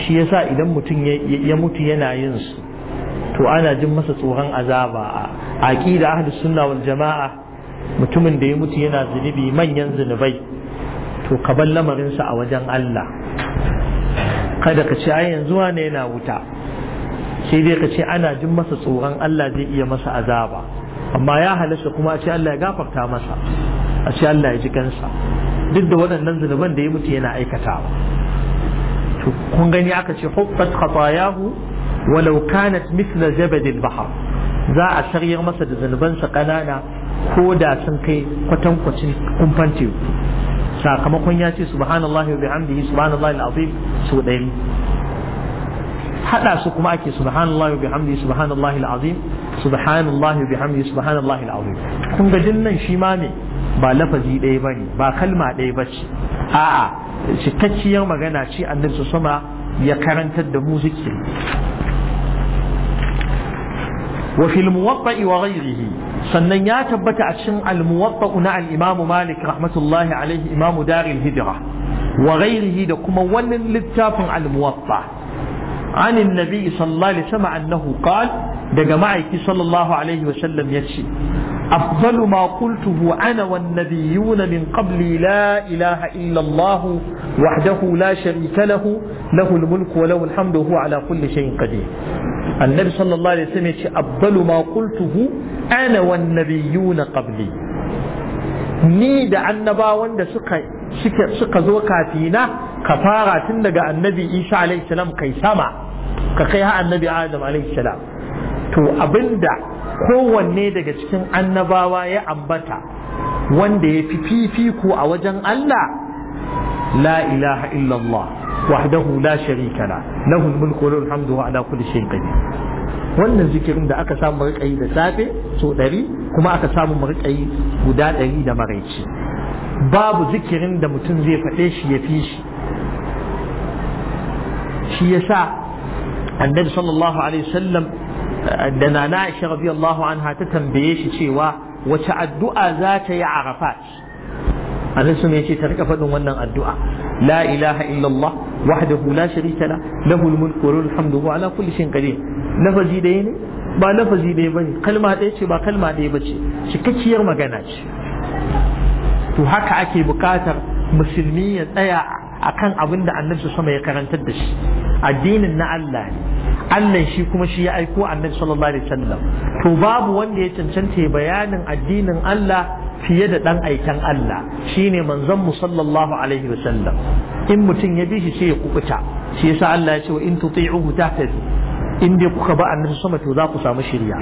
shi yasa idan mutum ya mutu yana yin su to ana jin masa tsoron azaba a aqida ahlus sunna wal jamaa mutumin da ya mutu yana zunubi manyan zunubai to ka bar lamarin sa a wajen Allah kada ka ce ai yanzu wane yana wuta sai dai ka ce ana jin masa tsoron Allah zai iya masa azaba amma ya halasta kuma a ce Allah ya gafarta masa a ce Allah ya ji kansa duk da waɗannan zunuban da ya mutu yana aikatawa to kun gani aka ce huffat khatayahu walau kanat mithla zabadil bahr za a sarya masa da zunubansa kanana ko da sun kai kwatan kwatankwacin kumfan teku sakamakon ya ce subhanallahi wa bihamdihi subhanallahi alazim su ɗaya hada su kuma ake subhanallahi wa bihamdihi subhanallahi alazim subhanallahi wa bihamdihi subhanallahi alazim kun ga nan shi ma ne ba lafazi ɗaya ba ne ba kalma ɗaya ba ce a'a cikakkiyar magana ce annabi su sama ya karantar da mu zikiri wa fil muwatta'i wa sannan ya tabbata a cikin al muwatta'u na al imam malik rahmatullahi alaihi imam daril hijra wa da kuma wannan littafin al muwatta عن النبي صلى الله عليه وسلم daga ma'aiki sallallahu alaihi wa sallam ya ce afdalu ma qultuhu ana wan nabiyyun min qabli la ilaha illa allah wahdahu la sharita lahu lahu al-mulku wa lahu al-hamdu wa ala kulli shay'in qadir annabi sallallahu alaihi wa sallam ya ce ma qultuhu ana wan nabiyyun qabli ni da annabawan da suka zo kafina ka fara tun daga annabi isa alaihi kai sama ka kai ha annabi adam alaihi to abinda kowanne daga cikin annabawa ya ambata wanda ya fi fifiku a wajen Allah la ilaha illallah wahdahu la sharika la lahu mulku wa alhamdu wa ala kulli shay'in qadir wannan zikirin da aka samu riƙayi da safe so ɗari kuma aka samu riƙayi guda ɗari da maraici babu zikirin da mutum zai faɗe shi ya fi shi shi ya sa annabi sallallahu alaihi wasallam da nana Aisha radiyallahu anha ta tambaye shi cewa wace addu'a za ta yi Arafat Annabi sun yace ta rika faɗin wannan addu'a la ilaha illallah wahdahu la sharika la lahu al wa wa ala kulli shay'in qadir lafazi dai ne ba lafazi dai bane kalma ɗaya ce ba kalma ɗaya bace cikakkiyar magana ce to haka ake bukatar musulmi ya tsaya akan abin da annabi sama ya karantar da shi addinin na Allah ne Allah shi kuma shi ya aiko annabi sallallahu alaihi wasallam to babu wanda ya cancanta bayanin addinin Allah fiye da dan aikan Allah shine manzon mu sallallahu alaihi wasallam in mutum ya bi shi sai ya kukuta shi yasa Allah ya ce wa in tuti'uhu tahtadi in dai kuka ba annabi sama to za ku samu shirya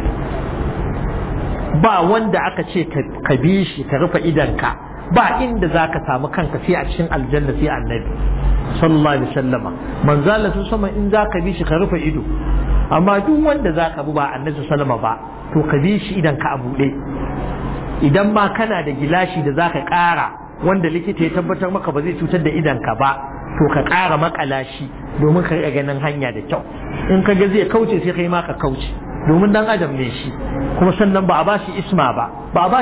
ba wanda aka ce ka bi shi ka rufe idanka ba inda za ka samu kanka sai a cikin aljanna sai annabi sallallahu alaihi wasallama manzo Allah sun sama in zaka bi shi ka rufe ido amma duk wanda zaka bi ba annabi sallama ba to ka bi shi idan ka abude idan ma kana da gilashi da zaka kara wanda likita ya tabbatar maka ba zai cutar da idan ka ba to ka kara makala shi domin ka ganin hanya da kyau in ka ga zai kauce sai kai ma ka kauce domin dan adam ne shi kuma sannan ba a ba shi isma ba ba a ba